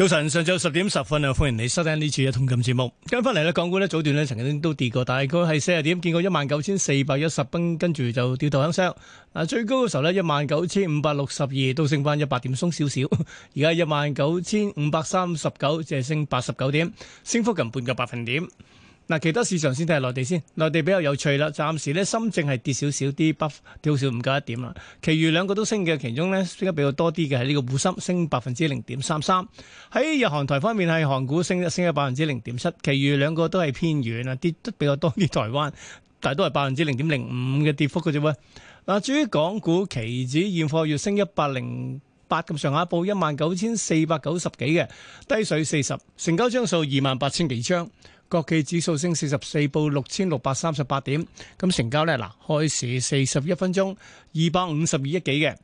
早晨，上晝十點十分啊，歡迎你收聽呢次嘅一桶金節目。跟翻嚟咧，港股咧早段咧曾經都跌過，大概係四十點，見過一萬九千四百一十蚊，跟住就掉頭向上。啊，最高嘅時候咧，一萬九千五百六十二，都升翻一百點，鬆少少。而家一萬九千五百三十九，淨係升八十九點，升幅近半個百分點。嗱，其他市場先睇下內地先。內地比較有趣啦。暫時呢深證係跌少少啲，不跌少唔夠一點啦。其餘兩個都升嘅，其中呢升得比較多啲嘅係呢個滬深升百分之零點三三。喺日韓台方面，係韓股升升咗百分之零點七，其餘兩個都係偏軟啊，跌得比較多啲。台灣但係都係百分之零點零五嘅跌幅嘅啫。嗱，至於港股期指現貨月升一百零八咁上下，報一萬九千四百九十幾嘅低水四十，成交張數二萬八千幾張。國企指數升四十四，報六千六百三十八點。咁成交呢，嗱，開市四十一分鐘，二百五十二億幾嘅。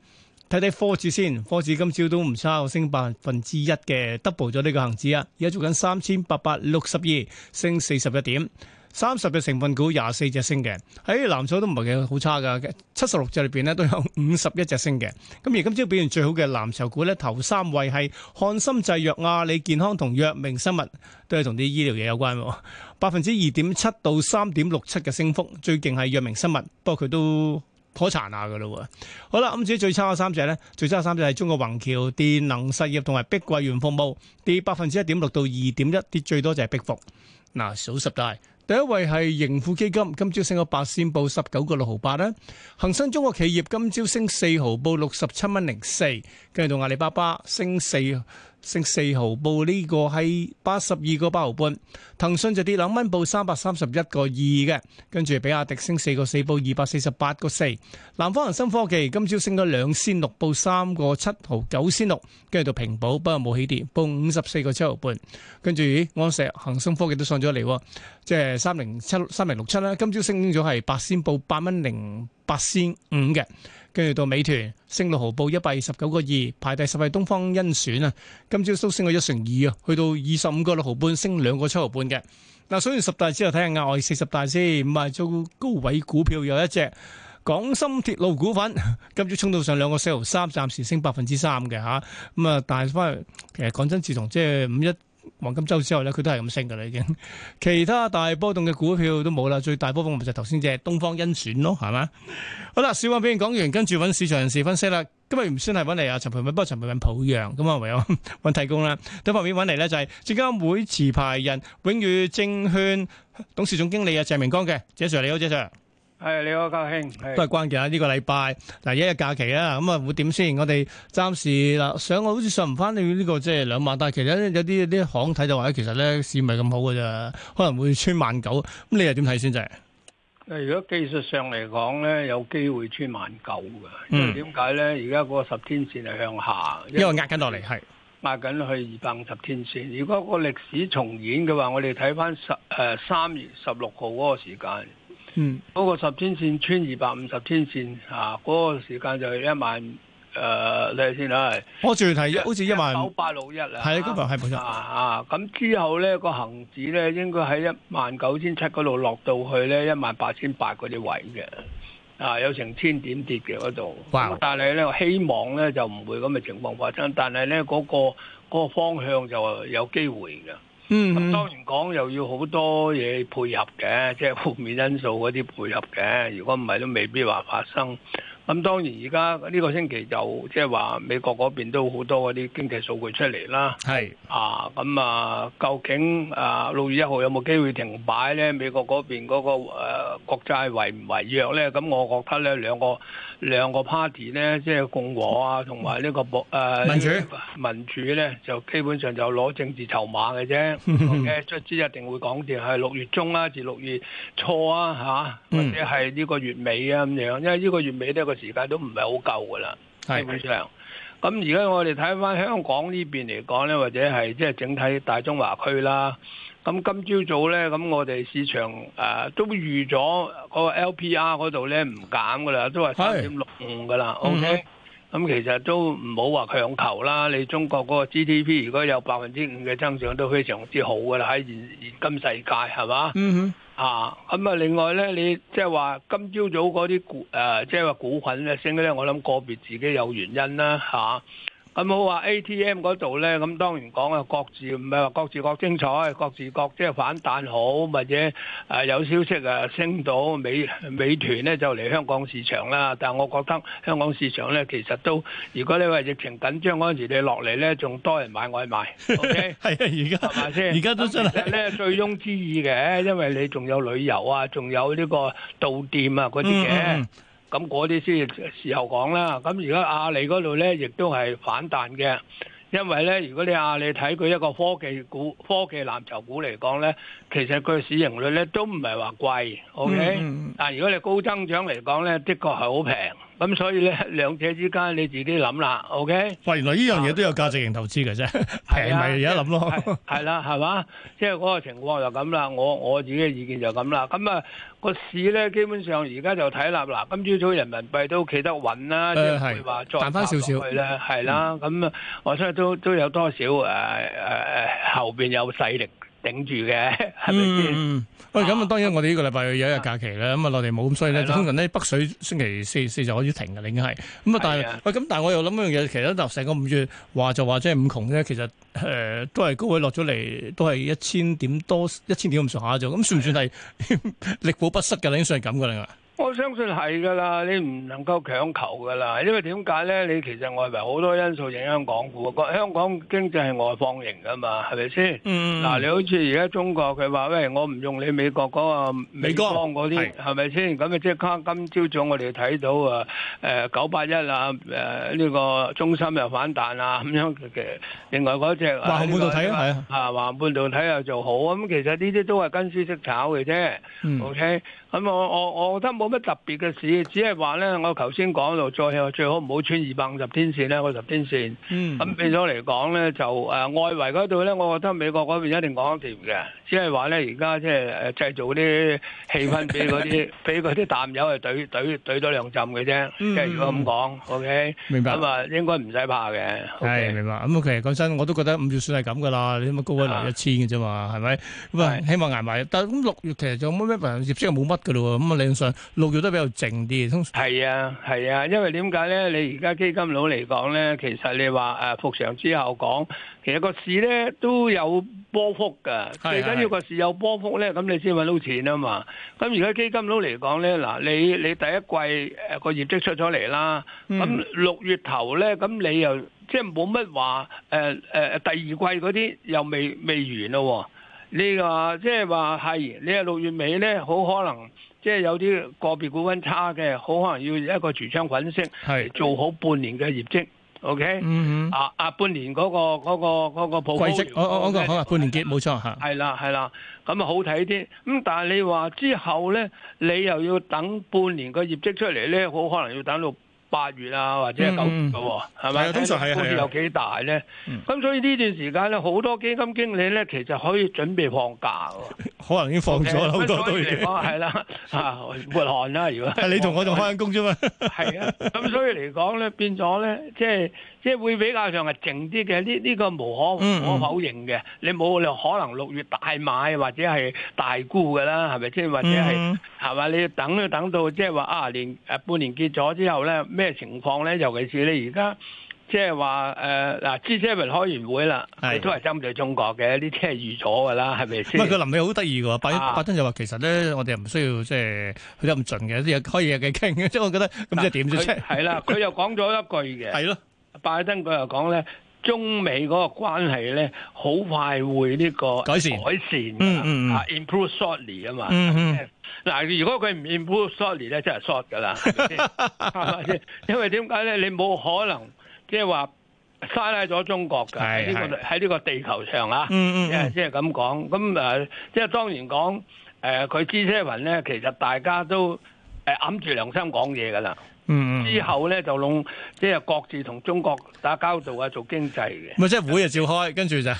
睇睇科指先，科指今朝都唔差，我升百分之一嘅，double 咗呢個恒指啊！而家做緊三千八百六十二，升四十一點。三十嘅成分股，廿四隻升嘅，喺藍籌都唔係好差噶。七十六隻裏邊咧，都有五十一隻升嘅。咁而今朝表現最好嘅藍籌股呢，頭三位係漢森製藥、阿、啊、里健康、同藥明生物，都係同啲醫療嘢有關。百分之二點七到三點六七嘅升幅，最勁係藥明生物，不過佢都頗殘下噶啦。好啦，咁至於最差嘅三隻呢，最差嘅三隻係中國宏橋、電能實業同埋碧桂園服務，跌百分之一點六到二點一，跌最多就係碧服。嗱、啊，數十大。第一位係盈富基金，今朝升咗八仙，報十九個六毫八咧。恒生中國企業今朝升四毫，報六十七蚊零四，繼續到阿里巴巴升四。升四毫，報呢個係八十二個八毫半。騰訊就跌兩蚊，報三百三十一個二嘅，跟住比亞迪升四個四，報二百四十八個四。南方恒生科技今朝升咗兩仙六，報三個七毫九仙六，跟住到平保不過冇起跌，報五十四個七毫半。跟住、哎、安石恒生科技都上咗嚟，即係三零七三零六七啦。今朝升咗係八仙，報八蚊零八仙五嘅。跟住到美團升六毫，報一百二十九個二，排第十位東方甄選啊，今朝都升咗一成二啊，去到二十五個六毫半，升兩個七毫半嘅。嗱，所以十大之後睇下額外四十大先，唔係做高位股票有一隻廣深鐵路股份，今朝衝到上兩個四毫三，暫時升百分之三嘅吓，咁啊帶翻其實講真，自從即係五一。黃金周之後咧，佢都係咁升噶啦，已經。其他大波動嘅股票都冇啦，最大波動咪就頭先隻東方甄選咯，係咪？好啦，小溫片講完，跟住揾市場人士分析啦。今日唔算係揾嚟阿陳培敏，不過陳培敏抱恙咁啊，唯有揾提供啦。等方面，揾嚟咧就係證監會持牌人永裕證券董事總經理啊鄭明光嘅，鄭 Sir 你好，鄭 Sir。係你好，家兄，都係關鍵啊！呢個禮拜嗱，一日假期啊，咁、嗯、啊會點先？我哋暫時嗱上，我好似上唔翻到呢個即係兩萬，但係其實有啲啲行睇就話咧，其實咧市唔係咁好噶咋，可能會穿萬九。咁你又點睇先？就係如果技術上嚟講咧，有機會穿萬九噶，因、嗯、為點解咧？而家嗰個十天線係向下，因為壓緊落嚟，係壓緊去二百五十天線。如果個歷史重演嘅話，我哋睇翻十誒三月十六號嗰個時間。嗯，嗰個十天線穿二百五十天線啊，嗰、嗰個時間就一萬誒、呃，你睇先啦，啊、我仲係好似一萬一九百六一啊，係啊，今日係冇錯啊。咁之後咧，嗰個恆指咧，應該喺一萬九千七嗰度落到去咧，一萬八千八嗰啲位嘅，啊有成千點跌嘅嗰度。哇但係咧我希望咧就唔會咁嘅情況發生，但係咧嗰個方向就有機會嘅。嗯，咁、mm hmm. 當然講又要好多嘢配合嘅，即係負面因素嗰啲配合嘅，如果唔係都未必話發生。咁當然而家呢個星期就即係話美國嗰邊都好多嗰啲經濟數據出嚟啦。係啊，咁啊，究竟啊六月一號有冇機會停擺咧？美國嗰邊嗰個誒國債違唔違約咧？咁我覺得咧兩個兩個 party 咧，即係共和啊，同埋呢個誒民主民主咧，就基本上就攞政治籌碼嘅啫。嘅卒之一定會講定係六月中啊，至六月初啊，嚇，或者係呢個月尾啊咁樣，因為呢個月尾都係一個。時間都唔係好夠㗎啦，基本上。咁而家我哋睇翻香港呢邊嚟講呢，或者係即係整體大中華區啦。咁今朝早，早呢，咁我哋市場誒、呃、都預咗個 LPR 嗰度呢唔減㗎啦，都係三點六五㗎啦。OK？嗯哼。咁其實都唔好話強求啦。你中國嗰個 GDP 如果有百分之五嘅增長都非常之好㗎啦，喺現今世界係嘛？嗯哼。啊，咁、嗯、啊，另外咧，你即係話今朝早嗰啲股誒，即係話股份咧升咧，我諗個別自己有原因啦，吓、啊。咁冇話 ATM 嗰度咧，咁當然講啊，各自唔係話各自各精彩，各自各即係反彈好，或者誒、呃、有消息誒、啊、升到美美團咧就嚟香港市場啦。但係我覺得香港市場咧其實都，如果你話疫情緊張嗰陣時你落嚟咧，仲多人買外賣。O K 係啊，而家係咪先？而家都真係咧，醉翁之意嘅，因為你仲有旅遊啊，仲有呢個到店啊嗰啲嘅。 咁嗰啲先，時候講啦。咁而家阿里嗰度咧，亦都係反彈嘅。因為咧，如果你阿里睇佢一個科技股，科技藍籌股嚟講咧，其實佢市盈率咧都唔係話貴，OK。但如果你高增長嚟講咧，的確係好平。咁所以咧，兩者之間你自己諗啦，OK？喂，原來呢樣嘢都有價值型投資嘅啫，平咪而家諗咯。係啦，係嘛？即係嗰個情況就咁啦。我我自己嘅意見就咁啦。咁啊個市咧，基本上而家就睇啦。嗱，今朝早人民幣都企得穩啦，即係話賺返少少咧，係啦。咁啊，我真係都都有多少誒誒誒，後邊有勢力。頂住嘅，嗯嗯，喂、嗯，咁、嗯、啊，當然我哋呢個禮拜有一日假期啦，咁啊內地冇，嗯嗯嗯、所以咧通常呢，是的 北水星期四四就開始停嘅，已經係，咁啊，但係，喂是的、嗯，咁但係我又諗一樣嘢，其實嗱，成個五月話就話即係五窮咧，其實誒、呃、都係高位落咗嚟，都係一千點多，一千點咁上下咗，咁、嗯、算唔算係力保不失嘅？已經算係咁嘅啦。我相信係㗎啦，你唔能夠強求㗎啦，因為點解咧？你其實外圍好多因素影響港股，個香港經濟係外放型㗎嘛，係咪先？嗯，嗱，你好似而家中國佢話，喂我唔用你美國嗰個美光嗰啲，係咪先？咁啊，即刻今朝早我哋睇到啊，誒九八一啊，誒呢個中心又反彈啊，咁樣嘅。另外嗰隻環半導體啊，係啊，環半導體又做好。咁其實呢啲都係跟書識炒嘅啫。嗯。O K。咁我我我覺得冇乜特別嘅事，只係話咧，我頭先講到，再最好唔好穿二百五十天線咧，個十天線。嗯。咁變咗嚟講咧，就誒外圍嗰度咧，我覺得美國嗰邊一定講得掂嘅，只係話咧，而家即係誒製造啲氣氛俾嗰啲俾啲淡友係懟懟懟多兩浸嘅啫。嗯。即係如果咁講，OK。明白。咁啊，應該唔使怕嘅。係，明白。咁其實講真，我都覺得五月算係咁噶啦，你咁高一兩一千嘅啫嘛，係咪？喂，希望捱埋。但咁六月其實就冇咩特別即係冇乜嘅咯喎，咁啊，理論上六月都比較靜啲。通常係啊，係啊，因為點解咧？你而家基金佬嚟講咧，其實你話誒復常之後講，其實個市咧都有波幅㗎。最緊要個市有波幅咧，咁你先揾到錢啊嘛。咁而家基金佬嚟講咧，嗱，你你第一季誒個業績出咗嚟啦，咁六月頭咧，咁你又即係冇乜話誒誒，第二季嗰啲又未未完咯喎。你話即係話係，你係六月尾咧，好可能即係有啲個別股份差嘅，好可能要一個櫥窗粉飾，係是做好半年嘅業績，OK？嗯嗯，啊啊，半年嗰、嗰個嗰、嗰個嗰好、嗰個、啊，嗯、半年結冇錯嚇，係啦係啦，咁啊好睇啲，咁但係你話之後咧，你又要等半年個業績出嚟咧，好可能要等到。八月啊，或者九月㗎喎，係咪通常係係係，好似有幾大咧？咁所以呢段時間咧，好多基金經理咧，其實可以準備放假喎。可能已經放咗啦，好多都已經。係啦，啊，抹汗啦，如果係你同我仲返工啫嘛。係啊，咁所以嚟講咧，變咗咧，即係即係會比較上係靜啲嘅。呢呢個無可無可否認嘅，你冇你可能六月大買或者係大沽㗎喇，係咪先？或者係係咪？你要等要等到即係話啊年誒半年結咗之後咧咩？嘅情況咧，尤其是你而家即係話誒嗱，G7 開完會啦，都係針對中國嘅，呢啲係預咗㗎啦，係咪先？佢臨尾好得意㗎？拜拜登就話其實咧，我哋唔需要即係去得咁盡嘅，啲嘢開嘢嘅傾，即係我覺得咁即係點啫？係啦，佢又講咗一句嘅。係咯，拜登佢又講咧。中美嗰個關係咧，好快會呢個改善改善，嗯嗯嗯，improve shortly 啊嘛，嗯嗯，嗱如果佢唔 improve shortly 咧，真係 short 噶啦，係咪先？係咪先？因為點解咧？你冇可能即係話殺喺咗中國㗎？喺呢個喺呢個地球上啊，嗯嗯，即係即係咁講，咁誒，即係當然講誒，佢 G7 咧，其實大家都誒揞住良心講嘢㗎啦。嗯，之後咧就弄，即係各自同中國打交道啊，做經濟嘅。咪即係會啊，召開，跟住就，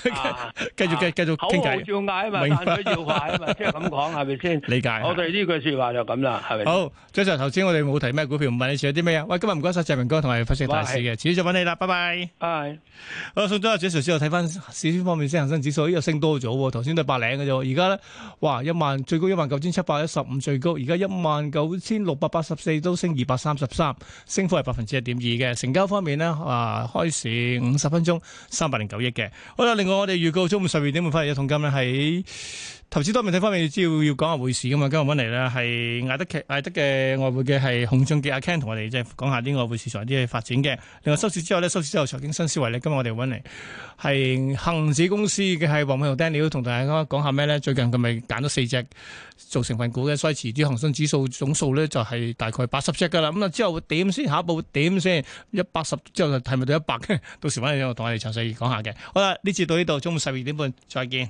繼續繼繼續傾偈。好，好要嗌啊嘛，慢就要快啊嘛，即係咁講係咪先？理解。我哋呢句說話就咁啦，係咪？好，張 Sir 頭先我哋冇提咩股票，唔問你仲有啲咩啊？喂，今日唔該晒謝明哥同埋分析大師嘅，遲啲再搵你啦，拜拜。係。好，送咗阿張 Sir 之後，睇翻市面方面，先恒生指數依個升多咗，頭先都係八零嘅啫，而家咧，哇，一萬最高一萬九千七百一十五最高，而家一萬九千六百八十四都升二百三十。三，升幅係百分之一點二嘅。成交方面呢，啊、呃，開市五十分鐘三百零九億嘅。好啦，另外我哋預告中午十二點會發出一桶金咧，喺。投資多問題方面，只要要講下匯市噶嘛，今日揾嚟呢係艾德嘅艾德嘅外匯嘅係洪俊傑阿 Ken 同我哋即係講下啲外匯市場啲嘅發展嘅。另外收市之後呢，收市之後財經新思維咧，今日我哋揾嚟係恒指公司嘅係黃偉豪 Daniel 同大家講下咩呢？最近佢咪揀咗四隻做成分股嘅，所以遲啲恒生指數總數呢就係、是、大概八十隻噶啦。咁啊之後點先？下一步點先？一百十之後係咪到一百？到時揾嚟同我哋詳細講下嘅。好啦，呢節到呢度，中午十二點半，再見。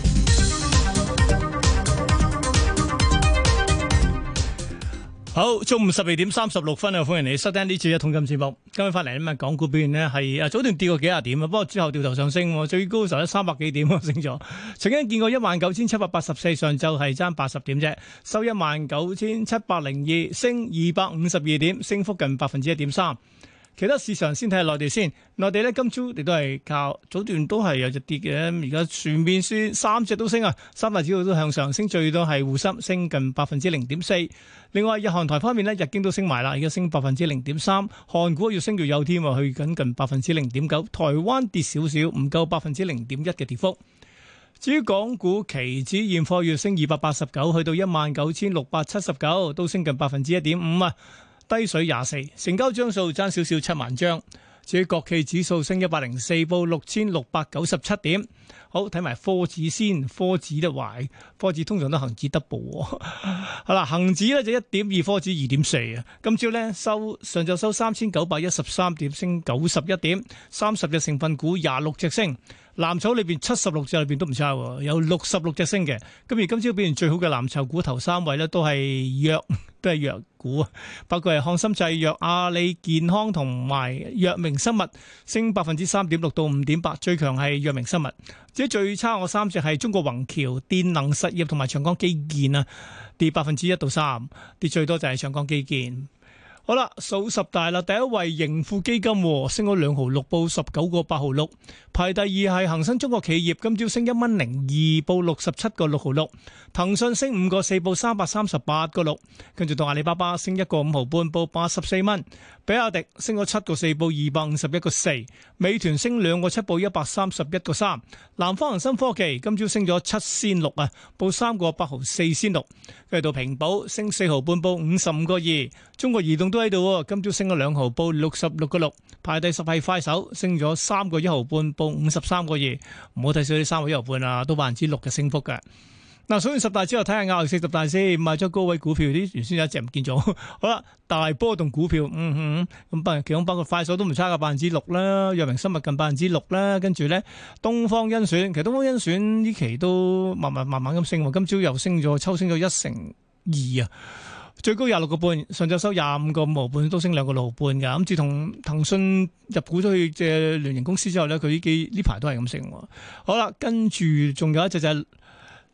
好，中午十二點三十六分啊，歡迎你收聽呢次嘅桶金節目。今日翻嚟咁啊，港股表現咧係啊，早段跌過幾十點啊，不過之後掉頭上升，最高收得三百幾點啊，升咗曾經見過一萬九千七百八十四，上晝係爭八十點啫，收一萬九千七百零二，升二百五十二點，升幅近百分之一點三。其他市場先睇下內地先，內地呢，今朝亦都係靠早段都係有隻跌嘅，而家全面輸，三隻都升啊，三大指數都向上，升最多係滬深升近百分之零點四。另外日韓台方面呢，日經都升埋啦，而家升百分之零點三，韓股越升越有添啊，去緊近百分之零點九，台灣跌少少，唔夠百分之零點一嘅跌幅。至於港股期指現貨，月升二百八十九，去到一萬九千六百七十九，都升近百分之一點五啊。低水廿四，成交張數爭少少七萬張。至於國企指數升一百零四，報六千六百九十七點。好睇埋科指先，科指都壞，科指通常都恒指 double。好 啦，恒指咧就一點二，科指二點四啊。今朝咧收上晝收三千九百一十三點，升九十一點，三十隻成分股廿六隻升。藍籌裏邊七十六隻裏邊都唔差，有六十六隻升嘅。咁而今朝表現最好嘅藍籌股頭三位咧，都係藥都係藥股啊，包括係漢心製藥、阿里健康同埋藥明生物，升百分之三點六到五點八，8, 最強係藥明生物。即最差我三隻係中國宏橋、電能實業同埋長江基建啊，跌百分之一到三，跌最多就係長江基建。好啦，數十大啦，第一位盈富基金，升咗兩毫六，報十九個八毫六。排第二係恒生中國企業，今朝升一蚊零二，報六十七個六毫六。騰訊升五個四，報三百三十八個六。跟住到阿里巴巴，升一個五毫半，報八十四蚊。比亞迪升咗七個四，報二百五十一個四。美團升兩個七，報一百三十一個三。南方恒生科技今朝升咗七仙六啊，報三個八毫四仙六。跟住到平保，升四毫半，報五十五個二。中國移動，都喺度，今朝升咗兩毫，報六十六個六。排第十係快手，升咗三個一毫半，報五十三個二。唔好睇少啲三個一毫半啊，都百分之六嘅升幅㗎。嗱，數完十大之後睇下亞遊四十大先，賣咗高位股票啲，原先有一隻唔見咗。好啦，大波動股票，嗯嗯，咁包，其中包括快手都唔差噶，百分之六啦，藥明生物近百分之六啦，跟住咧東方甄選，其實東方甄選呢期都慢慢慢慢咁升，今朝又升咗，抽升咗一成二啊。最高廿六個半，上晝收廿五個五毫半，都升兩個六毫半嘅。咁自從騰訊入股咗佢隻聯營公司之後咧，佢呢幾呢排都係咁升。好啦，跟住仲有一隻就係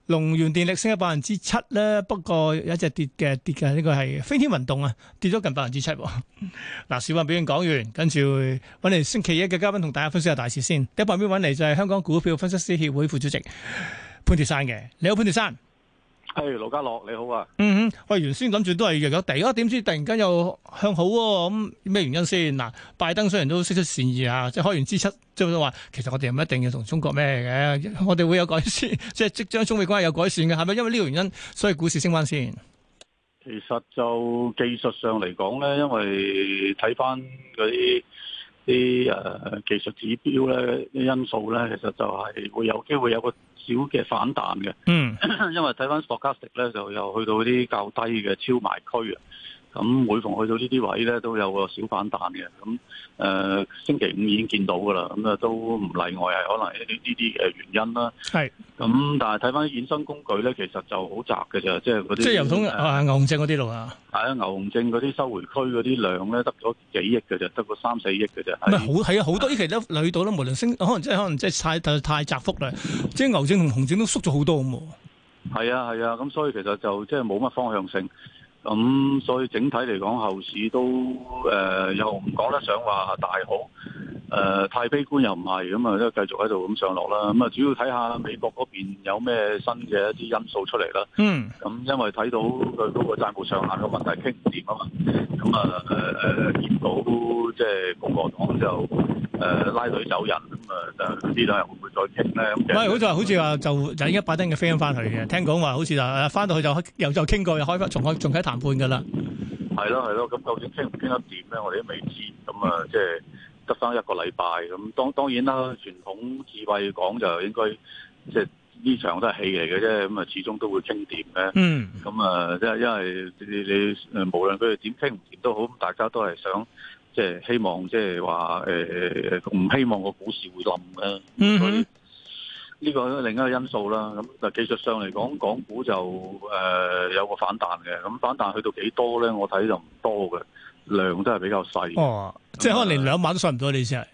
龍源電力升咗百分之七咧，不過有一隻跌嘅，跌嘅呢個係飛天運動啊，跌咗近百分之七。嗱，小 運表現講完，跟住揾嚟星期一嘅嘉賓同大家分享下大事先。第一版面揾嚟就係香港股票分析師協會副主席潘鐵山嘅，你好潘鐵山。係，盧、hey, 家樂你好啊！嗯嗯，喂，原先諗住都係若果跌啊，點知突然間又向好喎、啊？咁、嗯、咩原因先？嗱、啊，拜登雖然都釋出善意啊，即係開完 G7，即係話其實我哋唔一定要同中國咩嘅，我哋會有改善，即係即將中美關係有改善嘅，係咪？因為呢個原因，所以股市升翻先。其實就技術上嚟講咧，因為睇翻嗰啲啲誒技術指標咧，因素咧，其實就係會有機會有個。少嘅反彈嘅，嗯，因為睇翻貨卡食咧，就又去到啲較低嘅超賣區啊。咁每逢去到呢啲位咧，都有個小反彈嘅。咁誒、呃，星期五已經見到噶啦，咁啊都唔例外，係可能一啲呢啲嘅原因啦。係是。咁、嗯、但係睇翻衍生工具咧，其實就好雜嘅啫，即係啲。即係又唔同牛熊證嗰啲路呀。係啊， 牛熊證嗰啲收回區嗰啲量咧，得咗幾億嘅啫，得個三四億嘅啫。唔好係啊！好多呢期都累到啦。無論升可能即係可能即係太太窄幅啦。即係牛證同熊證都縮咗好多咁喎。係啊係啊，咁、啊啊、所以其實就即係冇乜方向性。咁、嗯、所以整體嚟講，後市都誒、呃，又唔講得上話大好，誒、呃，太悲觀又唔係，咁啊都繼續喺度咁上落啦。咁、嗯、啊、嗯、主要睇下美國嗰邊有咩新嘅一啲因素出嚟啦。嗯，咁因為睇到佢嗰個債務上限嘅問題傾唔掂啊嘛，咁啊誒，誒、呃呃，見到即係共和黨就。誒、呃，拉隊走人咁啊，唔知呢兩日會唔會再傾咧？唔係是，嗯、好似話，好似話就就一百噸嘅 f r i 飛翻翻去嘅。聽講話，好似就翻到去就又就傾過，又開翻，重開談，仲喺談判噶啦。係咯，係咯。咁究竟傾唔傾得掂咧？我哋都未知。咁啊，即係得翻一個禮拜。咁當當然啦，傳統智慧講就應該，即係呢場都係戲嚟嘅啫。咁啊，始終都會傾掂嘅。嗯。咁啊，即係因為你你誒，無論佢哋點傾唔掂都好，大家都係想。即係希望，即係話誒，唔、呃、希望個股市會冧嘅。嗯、哼所以呢個另一個因素啦。咁但係技術上嚟講，港股就誒、呃、有個反彈嘅。咁反彈去到幾多咧？我睇就唔多嘅，量都係比較細。哦，即係以可能連兩萬都上唔到呢隻。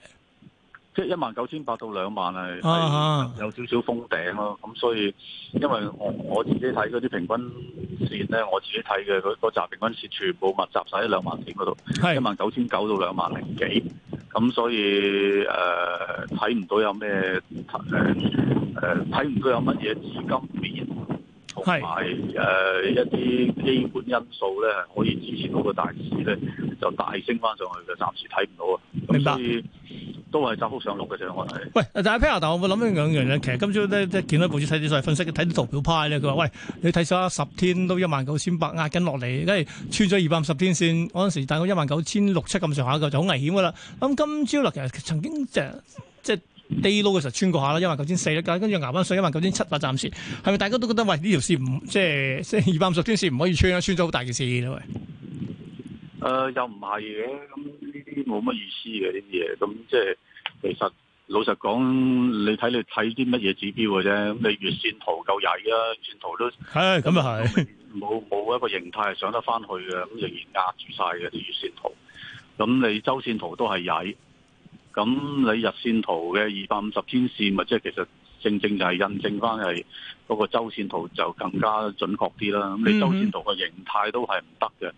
即係一萬九千八到兩萬係有少少封頂咯。咁、啊嗯、所以，因為我我自己睇嗰啲平均線咧，我自己睇嘅嗰集平均線全部密集晒喺兩萬點嗰度，一是萬九千九到兩萬零幾。咁、嗯、所以誒睇唔到有咩誒誒睇唔到有乜嘢資金面，同埋誒一啲基本因素咧可以支持到個大市咧，就大升翻上去嘅，暫時睇唔到啊。嗯、白所以。都係執好上落嘅啫，我係。喂，但大家 p 但我會諗緊兩樣嘢。嗯、其實今朝咧，即係、嗯、見到部書睇啲財分析，睇啲圖表派咧，佢話：喂，你睇下十天都一萬九千八壓緊落嚟，跟住穿咗二百五十天線嗰陣時，大概一萬九千六七咁上下嘅，就好危險㗎啦。咁今朝咧，其實曾經即係即係 day low 嘅時候穿過下啦，一萬九千四啦，跟住捱翻上一萬九千七百暫時。係咪大家都覺得喂呢條線唔即係即係二百五十天線唔可以穿啊？穿咗好大件事！」啦，喂。誒、呃，又唔係嘅。啲冇乜意思嘅啲嘢，咁即係其實老實講，你睇你睇啲乜嘢指標嘅啫。咁你月綫圖夠曳啊，月綫圖都係咁啊，係冇冇一個形態係上得翻去嘅，咁仍然壓住晒嘅啲月綫圖。咁你周綫圖都係曳，咁你日綫圖嘅二百五十天綫，咪即係其實正正就係印證翻係嗰個周綫圖就更加準確啲啦。咁你周綫圖個形態都係唔得嘅。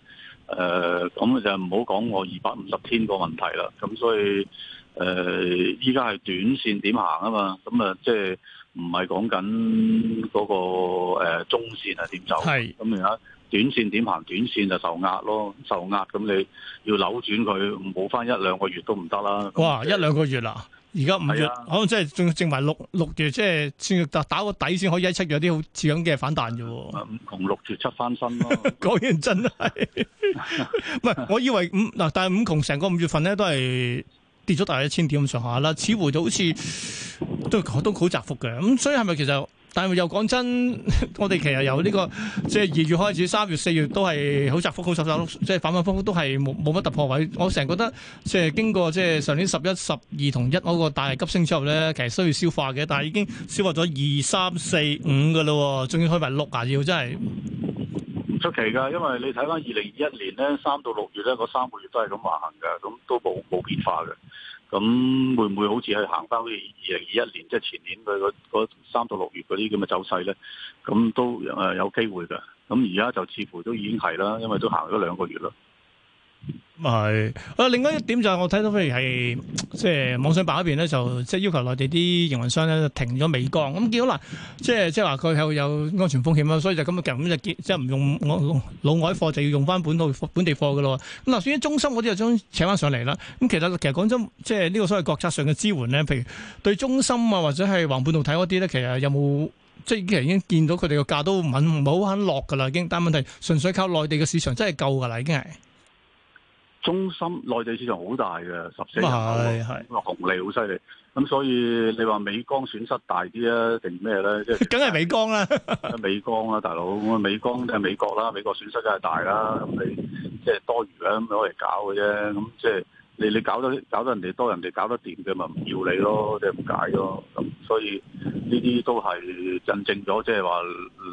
誒，咁、呃、就唔好講我二百五十天個問題啦，咁所以誒，依家係短綫點行啊嘛，咁啊即係唔係講緊嗰個誒、呃、中綫係點走，係，咁而家短綫點行，短綫就受壓咯，受壓咁你要扭轉佢，冇翻一兩個月都唔得啦。哇，就一兩個月啦。而家五月，啊、可能即係仲剩埋六六月，即係先打打個底，先可以喺七月有啲好似咁嘅反彈啫。五窮六月七翻身咯，果然 真係。唔 係， 我以為五嗱，但係五窮成個五月份咧都係跌咗大概一千點咁上下啦，似乎就好似都都好窄幅嘅，咁所以係咪其實？但係又講真，我哋其實由呢個即係二月開始，三月、四月都係好窄幅、好窄窄即係反反覆覆都係冇冇乜突破位。我成日覺得即係經過即係上年十一、十二同一嗰個大急升之後咧，其實需要消化嘅，但係已經消化咗二三四五嘅啦，仲要開埋六啊，要真係唔出奇㗎。因為你睇翻二零二一年咧，三到六月咧嗰三個月都係咁橫行嘅，咁都冇冇變化嘅。咁會唔會好似係行返去二零二一年即係、就是、前年佢嗰三到六月嗰啲咁嘅走勢咧？咁都誒有機會㗎。咁而家就似乎都已經係啦，因為都行咗兩個月啦。咁係，另外一點就係我睇到，譬如係即係網上辦嗰邊咧，就即、是、係要求內地啲營運商咧停咗美光。咁見到嗱，即係即係話佢有有安全風險啦，所以就咁樣咁就即係唔用我老老外貨就要用翻本土本地貨噶咯。咁嗱，算於中心嗰啲就將請翻上嚟啦。咁其實其實講真，即係呢個所謂國策上嘅支援咧，譬如對中心啊或者係橫半導體嗰啲咧，其實有冇即係已經見到佢哋個價都唔肯唔好肯落噶啦已經。但係問題純粹靠內地嘅市場真係夠噶啦已經係。中心內地市場好大嘅，十四億人口，個紅利好犀利。咁所以你話美光損失大啲啊，定咩咧？梗、就、係、是、美光啦， 美光啦，大佬，美光即係美國啦，美國損失梗係大啦。咁你即係多餘啦，咁攞嚟搞嘅啫。咁即係你你搞到搞得人哋多人哋搞得掂嘅，咪唔要你咯，即係唔解咯。咁所以呢啲都係印證咗，即係話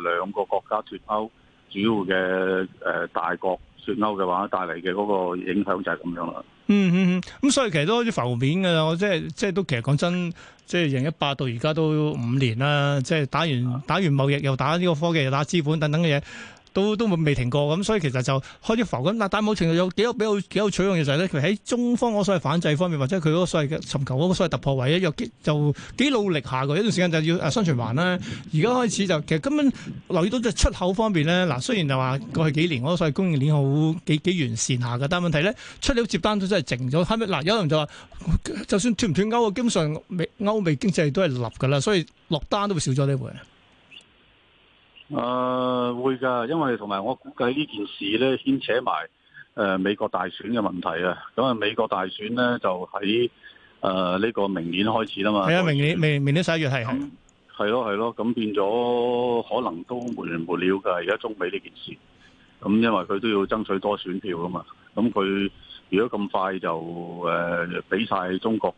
兩個國家脫鈎主要嘅誒、呃、大國。脫歐嘅話帶嚟嘅嗰個影響就係咁樣啦、嗯。嗯嗯嗯，咁所以其實都好似浮面㗎啦。我即係即係都其實講真，即係二零一八到而家都五年啦。即、就、係、是、打完、嗯、打完貿易，又打呢個科技，又打資本等等嘅嘢。都都未停過咁，所以其實就開始浮咁。嗱，但冇程度有幾有比較幾有取用嘅就係、是、咧，佢喺中方嗰所謂反制方面，或者佢嗰個所謂尋求嗰個所謂突破位咧，又幾就幾努力下嘅。一段時間就要誒雙循環啦，而家開始就其實根本留意到就出口方面咧。嗱，雖然就話過去幾年嗰個所謂供應鏈好幾幾完善下嘅，但問題咧出料接單都真係靜咗。係咪？嗱，有人就話就算斷唔斷歐，基本上美歐美經濟都係立噶啦，所以落單都會少咗呢回。誒、呃，會噶，因為同埋我估計呢件事咧牽扯埋誒美國大選嘅問題啊。咁、呃、啊，美國大選咧就喺誒呢個明年開始啦嘛。係啊，明年明明年十一月係係係咯係咯，咁、嗯嗯嗯、變咗可能都沒完沒了噶。而家中美呢件事，咁、嗯、因為佢都要爭取多選票啊嘛。咁、嗯、佢如果咁快就誒俾晒中國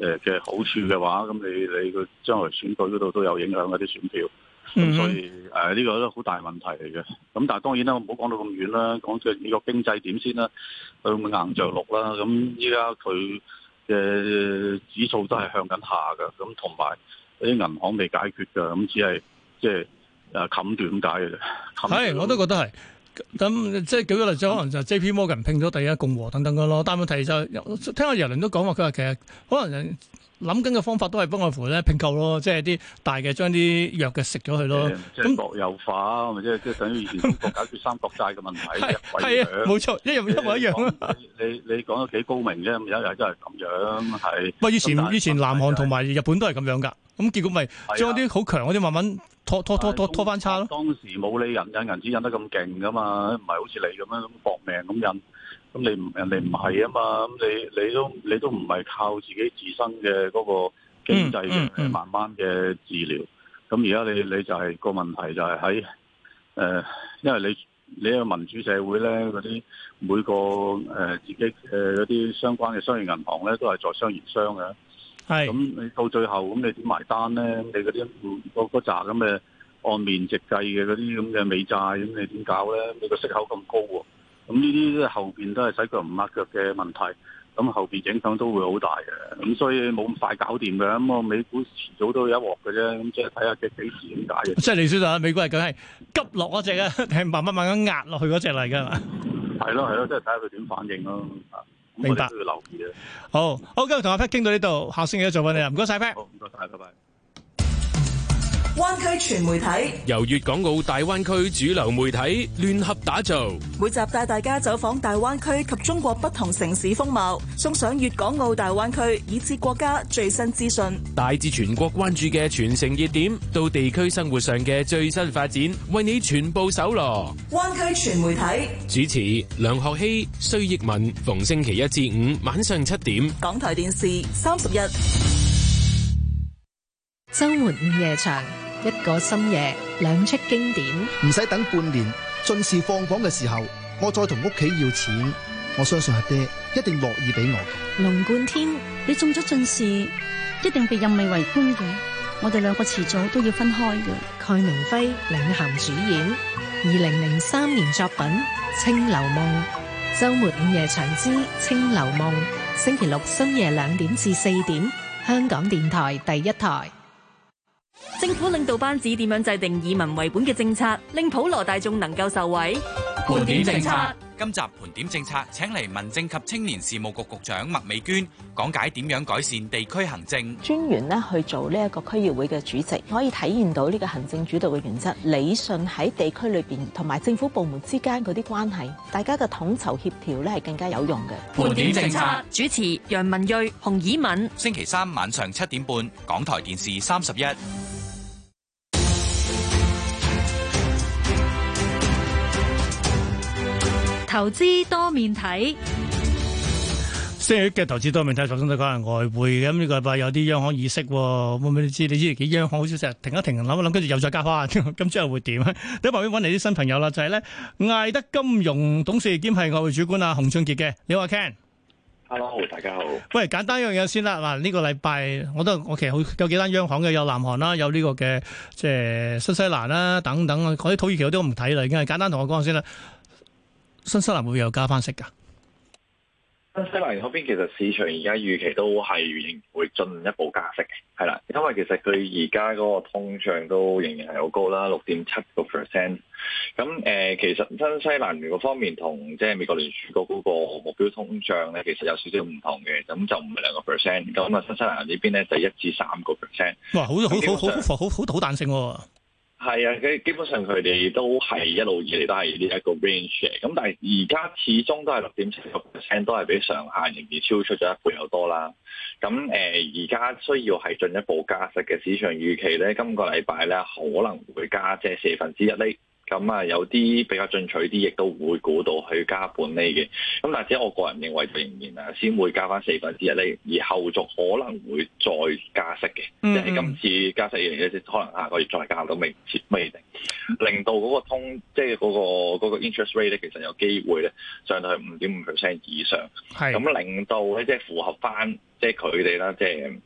誒嘅好處嘅話，咁、嗯、你你佢將來選舉嗰度都有影響一啲選票。咁、嗯、所以誒呢、啊這個都好大問題嚟嘅。咁但係當然啦，我唔好講到咁遠啦，講嘅美國經濟點先啦，佢會唔會硬着陸啦？咁依家佢嘅指數都係向緊下嘅。咁同埋啲銀行未解決嘅，咁只係即係誒冚住解嘅啫。係、就是啊，我都覺得係。咁即係舉個例子，可能就 J P Morgan 拼咗第一共和等等嘅咯。但係問題就是、聽下，耶倫都講話佢話其實可能諗緊嘅方法都係不外乎咧拼購咯，即係啲大嘅將啲弱嘅食咗佢咯。咁是、嗯、國有化咪即係即係等於以前中國解決三角債嘅問題。係啊 是，冇錯有，一樣一模一樣。 你你講得幾高明啫，有一日真係咁樣係。喂，以前是以前南韓同埋日本都係咁樣噶，咁是結果咪將啲好強嗰啲慢慢拖拖拖拖拖翻差咯。當時冇你引引銀紙引得咁勁噶嘛，唔係好似你咁樣搏命咁引。咁你人哋唔係啊嘛，咁你你都你都唔係靠自己自身嘅嗰個經濟嘅慢慢嘅治療。咁而家你你就係、是、個問題就係喺誒，因為你你喺民主社會咧，嗰啲每個誒、呃、自己誒嗰啲相關嘅商業銀行咧，都係在商言商嘅。係是。咁你到最後咁你點埋單咧？你嗰啲嗰嗰扎咁嘅按面值計嘅嗰啲咁嘅美債，咁你點搞咧？你個息口咁高喎、啊？咁呢啲都係後邊都係洗腳唔抹腳嘅問題，咁後邊影響都會好大嘅，咁所以冇咁快搞掂嘅，咁個美股遲早都有一鑊嘅啫，咁即係睇下隻幾時點解嘅。即係李小姐，美股係梗係急落嗰隻啊，係慢慢慢咁壓落去嗰隻嚟㗎嘛？係咯係咯，即係睇下佢點反應咯、啊。明白。都要留意啊。好好，今日同阿 Pat 傾到呢度，下星期再問你啦。唔該晒 Pat。好，唔該晒，拜拜。灣區全媒體由粵港澳大灣區主流媒體聯合打造，每集帶大家走訪大灣區及中國不同城市風貌，送上粵港澳大灣區以至國家最新資訊，大至全國關注嘅全城熱點，到地區生活上嘅最新發展，為你全部搜羅。灣區全媒體主持梁學希、崔益文，逢星期一至五晚上七點，港台電視三十一。周末午夜場，一個深夜兩出經典。唔使等半年，進士放榜嘅時候，我再同屋企要錢，我相信阿爹，爹一定樂意俾我嘅。龍冠天，你中咗進士，一定被任命為官嘅，我哋兩個遲早都要分開嘅。蓋明輝領銜主演，二零零三年作品《清流夢》。周末午夜場之《清流夢》，星期六深夜兩點至四點，香港電台第一台。政府領導班子點樣制定以民為本嘅政策，令普羅大眾能夠受惠？盤點政策。今集盤點政策，請嚟民政及青年事務局局長麥美娟講解點樣改善地區行政專員咧去做呢一個區議會嘅主席，可以體現到呢個行政主導嘅原則，理順喺地區裏邊同埋政府部門之間嗰啲關係，大家嘅統籌協調呢係更加有用嘅。盤點政策主持楊文睿、洪以敏，星期三晚上七點半，港台電視三十一。投資多面睇，星期嘅投資多面睇，首先都講係外匯嘅。咁呢個禮拜有啲央行意識喎，會唔會都知不知？你知幾央行好似成日停一停，諗一諗，跟住又再加翻。咁之後會點咧？第旁外面搵嚟啲新朋友啦，就係、是、咧，艾德金融董事兼係外匯主管啊，洪俊杰嘅。你好，Ken。Hello，大家好。喂，簡單一樣嘢先啦。嗱、這個，呢個禮拜我都我其實好有幾單央行嘅，有南韓啦，有呢、這個嘅即係新西蘭啦等等。嗰啲土耳其嗰啲我唔睇啦，已經係簡單同我講先啦。新西蘭會有加翻息㗎？新西蘭嗰邊其實市場而家預期都係仍然會進一步加息嘅，係啦，因為其實佢而家嗰個通脹都仍然係好高啦，六點七個 percent。咁誒、呃，其實新西蘭嗰方面同美國聯儲局嗰個目標通脹咧，其實有少少唔同嘅，咁就唔係兩個 percent。咁啊，新西蘭呢邊咧就一至三個 percent。哇，好，好好好，好，好，好彈性喎、啊！係啊，基基本上佢哋都係一路以嚟都係呢一個 range 嘅，咁但係而家始終都係六點七六 percent，都係比上限仍然超出咗一倍有多啦。咁誒，而、呃、家需要係進一步加息嘅市場預期咧，今個禮拜咧可能會加即係四分之一厘。咁啊，有啲比較進取啲，亦都會估到去加半厘嘅。咁但係，只我個人認為，仍然啊，先會加翻四分之一厘，而後續可能會再加息嘅。Mm hmm. 即係今次加息完，有時可能下個月再加到未，未定。令到嗰個通，即係嗰、嗰個嗰個嗰個 interest rate 咧，其實有機會咧，上到去五點五 percent 以上。係咁是令到咧，即係符合翻，即係佢哋啦，即係。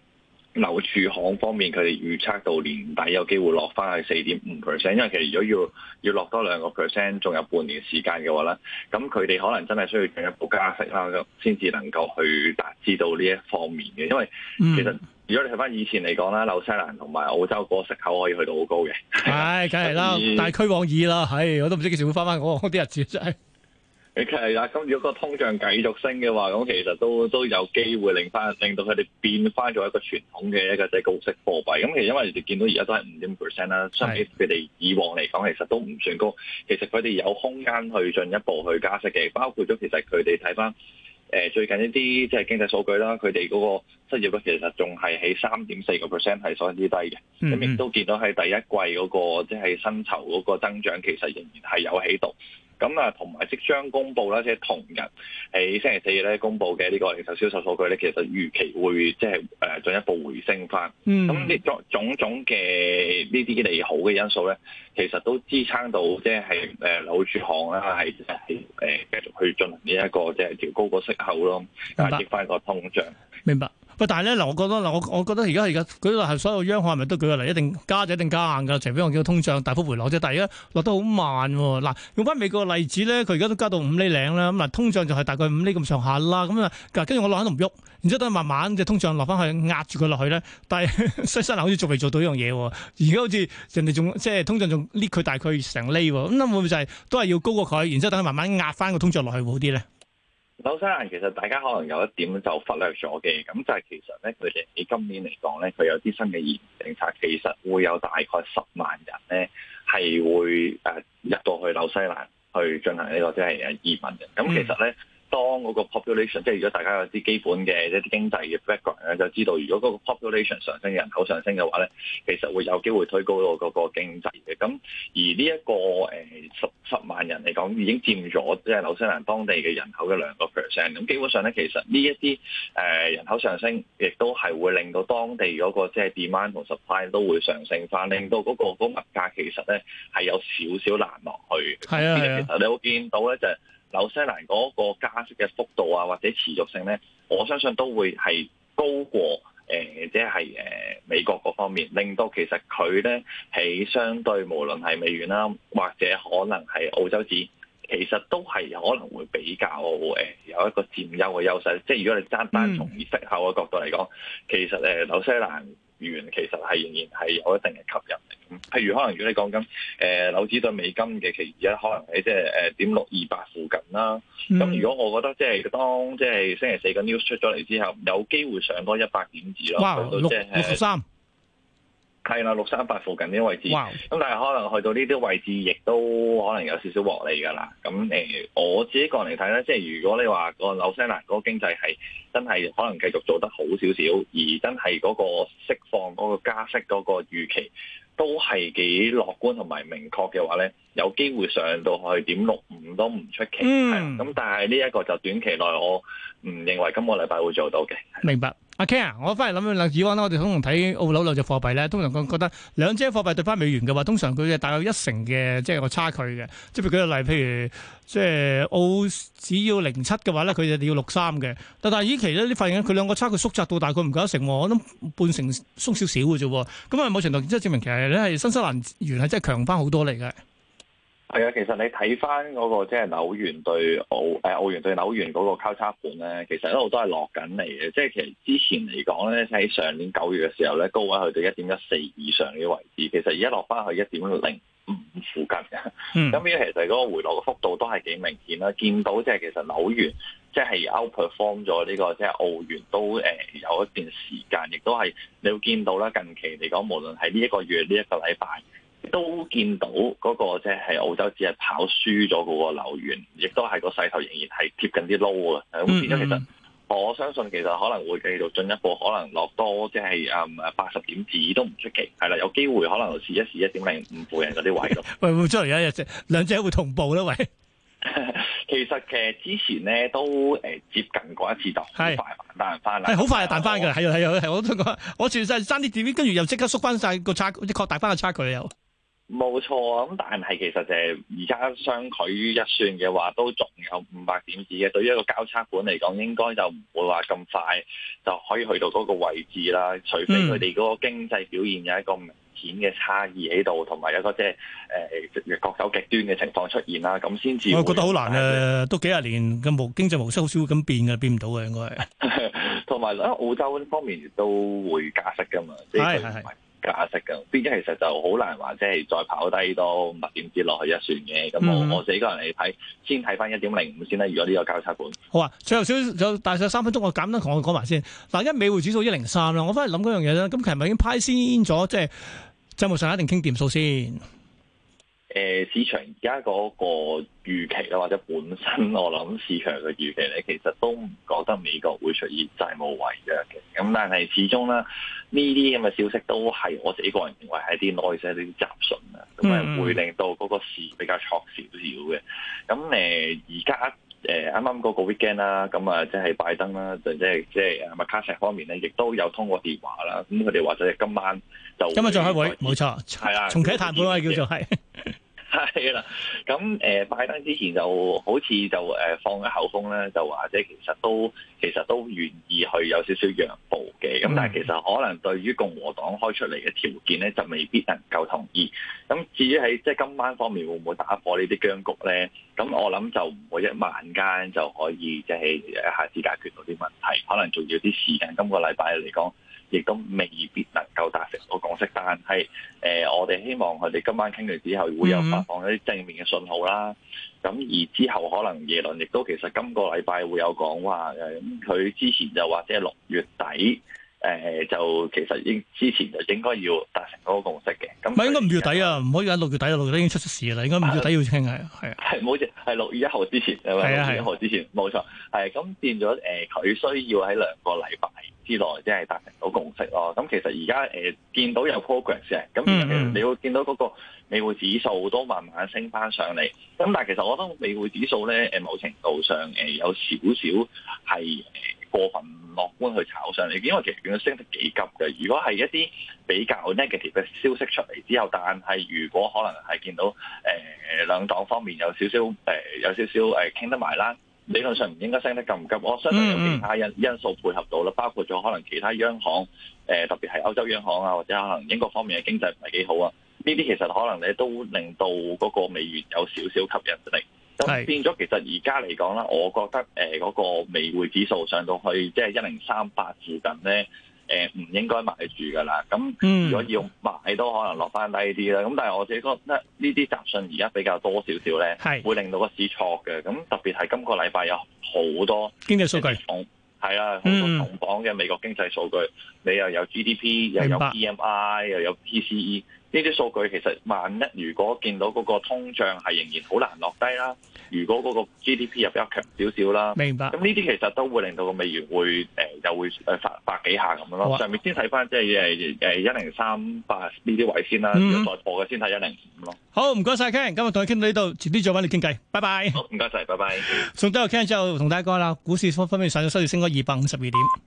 樓住行方面，佢哋預測到年底有機會落返去四點五 percent，因為其實如果要要落多兩個 percent，仲有半年時間嘅話咧，咁佢哋可能真係需要進一步加息啦，咁先至能夠去達致到呢一方面嘅。因為其實、嗯、如果你睇返以前嚟講啦，紐西蘭同埋澳洲個息口可以去到好高嘅，係梗係啦， 而大趨往矣啦，係我都唔知幾時會返返嗰嗰啲日子真係。 你其實咁如果通脹繼續升嘅話，咁其實都都有機會令翻，令到佢哋變翻咗一個傳統嘅一個即高息貨幣。咁其實因為你哋見到而家都係五點 percent 啦，相比佢哋以往嚟講，其實都唔算高。其實佢哋有空間去進一步去加息嘅，包括咗其實佢哋睇翻誒最近一啲即經濟數據啦，佢哋嗰個。失業率其實仲係喺三點四個 percent 係所謂之低嘅，咁亦、嗯嗯、都見到喺第一季嗰、那個即係薪酬嗰個增長其實仍然係有起度。咁啊，同埋即將公佈啦，即係同日喺星期四咧公佈嘅呢個零售銷售數據咧，其實預期會即係誒進一步回升翻。咁呢、嗯嗯、種種種嘅呢啲利好嘅因素咧，其實都支撐到即係誒樓住行啦，係誒、呃、繼續去進行呢、這、一個即係調高個息口咯，壓抑翻個通脹。明白。 但係咧，嗱，我覺得，嗱，我我覺得而家係而家，佢話所有央行係咪都舉個例，一定加就一定加硬㗎，除非我見到通脹大幅回落啫。但係而家落得好慢喎、哦。嗱，用翻美國例子咧，佢而家都加到五厘零啦。咁嗱，通脹就係大概五厘咁上下啦。咁、嗯、啊，跟住我落喺度唔喐，然之後等佢慢慢即係通脹落翻去壓住佢落去咧。但係 西西蘭好似仲未做到一樣嘢喎。而家好似人哋仲即係通脹仲 lift 佢大概成厘喎。咁會唔會就係、是、都係要高過佢，然之後等佢慢慢壓翻個通脹落去會好啲咧？紐西蘭其實大家可能有一點就忽略咗嘅，咁就係其實咧，佢哋喺今年嚟講咧，佢有啲新嘅移民政策，其實會有大概十萬人咧係會誒入、啊、到去紐西蘭去進行呢、這個即係、就是、移民嘅。咁其實咧。嗯當嗰個 population，即係如果大家有啲基本嘅一啲經濟嘅 background 咧，就知道如果嗰個 population 上升，人口上升嘅話咧，其實會有機會推高到嗰個經濟嘅。咁而呢、這、一個誒十十萬人嚟講，已經佔咗即係紐西蘭當地嘅人口嘅兩個 percent。咁基本上咧，其實呢一啲誒人口上升，亦都係會令到當地嗰個即係 demand 同 supply 都會上升翻，令到嗰、那個嗰、那個、物價其實咧係有少少難落去。係啊，啊其實你會見到咧就。紐西蘭嗰個加息嘅幅度啊，或者持續性咧，我相信都會係高過誒，即係誒美國各方面，令到其實佢咧喺相對無論係美元啦，或者可能係澳洲紙，其實都係可能會比較誒有一個佔優嘅優勢。即係如果你單單從息口嘅角度嚟講，其實誒紐西蘭元其實係仍然係有一定嘅吸引力，譬如可能如果你講緊誒樓指對美金嘅期指咧，可能喺即係誒點六二八附近啦。咁、嗯、如果我覺得即、就、係、是、當即係星期四個 news 出咗嚟之後，有機會上多一百點子咯，哇到即、就、係、是、六十三。係啦，六三八附近啲位置，咁哇但係可能去到呢啲位置，亦都可能有少少獲利㗎啦。咁誒、呃，我自己個人嚟睇咧，即係如果你話個紐西蘭嗰個經濟係真係可能繼續做得好少少，而真係嗰個釋放嗰、那個加息嗰個預期都係幾樂觀同埋明確嘅話咧，有機會上到去點六五都唔出奇。咁、嗯、但係呢一個就短期內我唔認為今個禮拜會做到嘅。明白。阿 Ken，okay，我翻嚟諗下啦，以往咧我哋通常睇澳紐兩隻貨幣咧，通常我覺得兩隻貨幣對翻美元嘅話，通常佢係大約一成嘅，即係個差距嘅。即係譬如舉個例，譬如即係澳只要零七嘅話咧，佢就要六三嘅。但係以期咧，你發現佢兩個差距縮窄到大概唔夠一成，我諗半成縮少少嘅啫。咁啊某程度即係證明其實咧係新西蘭元係真係強翻好多嚟嘅。.係啊，其實你睇翻嗰個即係、就是、紐元對澳誒、呃、澳元對紐元嗰個交叉盤咧，其實一路都係落緊嚟嘅。即係其實之前嚟講咧，喺上年九月嘅時候咧，高位去到一點一四以上嘅位置，其實而家落翻去一點零五附近嘅。咁呢家其實嗰個回落嘅幅度都係幾明顯啦。見到即係其實紐元即係、就是、outperform 咗呢、這個即係、就是、澳元都誒有一段時間，亦都係你會見到啦。近期嚟講，無論係呢一個月呢一、這個禮拜。都見到嗰個即係澳洲只係跑輸咗嗰個紐元，亦都係個勢頭仍然係貼近啲 low 啊！咁變咗，其實嗯嗯我相信其實可能會繼續進一步，可能落多即係誒八十點子都唔出奇，係啦，有機會可能試一試一點零五附近嗰啲位度。 喂，會唔會再嚟一日啫？兩者會同步咧？喂，其實 其實之前咧都誒、欸、接近過一次就快，是快就好快彈翻，好快又彈翻噶啦！係係係！我都覺得我算晒三啲點，跟住又即刻縮翻晒個差，擴大翻個差距又。又冇錯啊，咁但係其實就係而家相距於一算嘅話，都仲有五百點子嘅。對於一個交叉盤嚟講，應該就唔會話咁快就可以去到嗰個位置啦。除非佢哋嗰個經濟表現有一個明顯嘅差異喺度，同埋有一個即係誒各種極端嘅情況出現啦，咁先至，我覺得好難啊，都幾廿年嘅無經濟模收好少咁變嘅，變唔到嘅應該係。同埋咧，澳洲方面都會加息噶嘛。係係係。價值嘅，即係其實就好難話，即係再跑低到乜點跌落去、嗯、一船嘅。咁我我四個人嚟睇，先睇翻一點零五先啦。如果呢個交叉盤，好啊，最後少大少三分鐘，我簡單同我講埋、就是、先。嗱，一美匯指數一零三啦，我翻嚟諗嗰樣嘢啦。咁其實咪已經派先咗，即係就冇晒一定傾點數先。誒市場而家嗰個預期咧，或者本身我諗市場嘅預期咧，其實都唔覺得美國會出現債務違約嘅。咁但係始終啦，呢啲咁嘅消息都係我自己個人認為係啲內在啲雜訊啊，咁啊、嗯、會令到嗰個市比較錯少少嘅。咁誒而家誒啱啱嗰個 weekend 啦，咁啊即係拜登啦，即係即係麥卡錫方面咧，亦都有通過電話啦。咁佢哋話就係今晚就今晚再開會，冇錯，係啊，重啟談判啦，叫做係。 係啦，咁誒、呃、拜登之前就好似就誒、呃、放咗口風咧，就話者其實都其實都願意去有少少讓步嘅，咁但係其實可能對於共和黨開出嚟嘅條件咧，就未必能夠同意。咁至於喺即係今晚方面會唔會打破呢啲僵局咧？咁我諗就唔會一晚間就可以即係一下子解決到啲問題，可能仲要啲時間。今個禮拜嚟講，亦都未必能夠達成嗰個共識，但係誒、呃，我哋希望佢哋今晚傾完之後會有發放一啲正面嘅信號啦。咁而之後可能耶倫亦都其實今個禮拜會有講話，佢、嗯、之前就或者係六月底誒、呃，就其實應之前就應該要達成嗰個共識嘅。唔係應該唔月底啊，唔可以喺六月底、啊，六月底已經出事啦，應該唔月底要傾係啊，係冇錯，係六月一號之前，六是、啊、月一號之前冇錯，係咁變咗誒，佢、呃、需要喺兩個禮拜之內即係達成到共識咯。咁其實而家誒見到有 progress 嘅、嗯，咁、嗯、你會見到嗰個美匯指數都慢慢升翻上嚟。咁但係其實我覺得美匯指數咧誒某程度上誒、呃、有少少係過分樂觀去炒上嚟，因為其實佢升得幾急嘅。如果係一啲比較 negative 嘅消息出嚟之後，但係如果可能係見到誒、呃、兩黨方面有少少誒、呃、有少少誒傾、呃、得埋啦。理論上唔應該升得咁急，我相信有其他因因素配合到啦，包括咗可能其他央行，誒、呃、特別係歐洲央行啊，或者可能英國方面嘅經濟唔係幾好啊，呢啲其實可能咧都令到嗰個美元有少少吸引力，咁變咗其實而家嚟講啦，我覺得誒嗰個美匯指數上到去即係一零三八附近咧。誒唔、呃、應該買住㗎啦，咁如果要買都可能落翻低啲啦。咁但係我自己覺得呢啲雜訊而家比較多少少咧，是會令到個市錯嘅。咁特別係今個禮拜有好多經濟數據，同係啦好多重磅嘅美國經濟數據，嗯、你又有 GDP 又有 PMI 白又有 PCE。呢啲數據其實，萬一如果見到嗰個通脹係仍然好難落低啦，如果嗰個 GDP 又比較強少少啦，明白。咁呢啲其實都會令到個美元會誒又、呃、會誒發發幾下咁樣咯。啊、上面先睇翻即係誒一零三八呢啲位先啦，嗯、再破嘅先睇一零五咯。好，唔該晒 Ken，今日同你傾到呢度，遲啲再揾你傾偈。拜拜。好，唔該晒，拜拜。送多個 Ken 之後，同大家講啦，股市方分面上嘅收市升咗二百五十二點。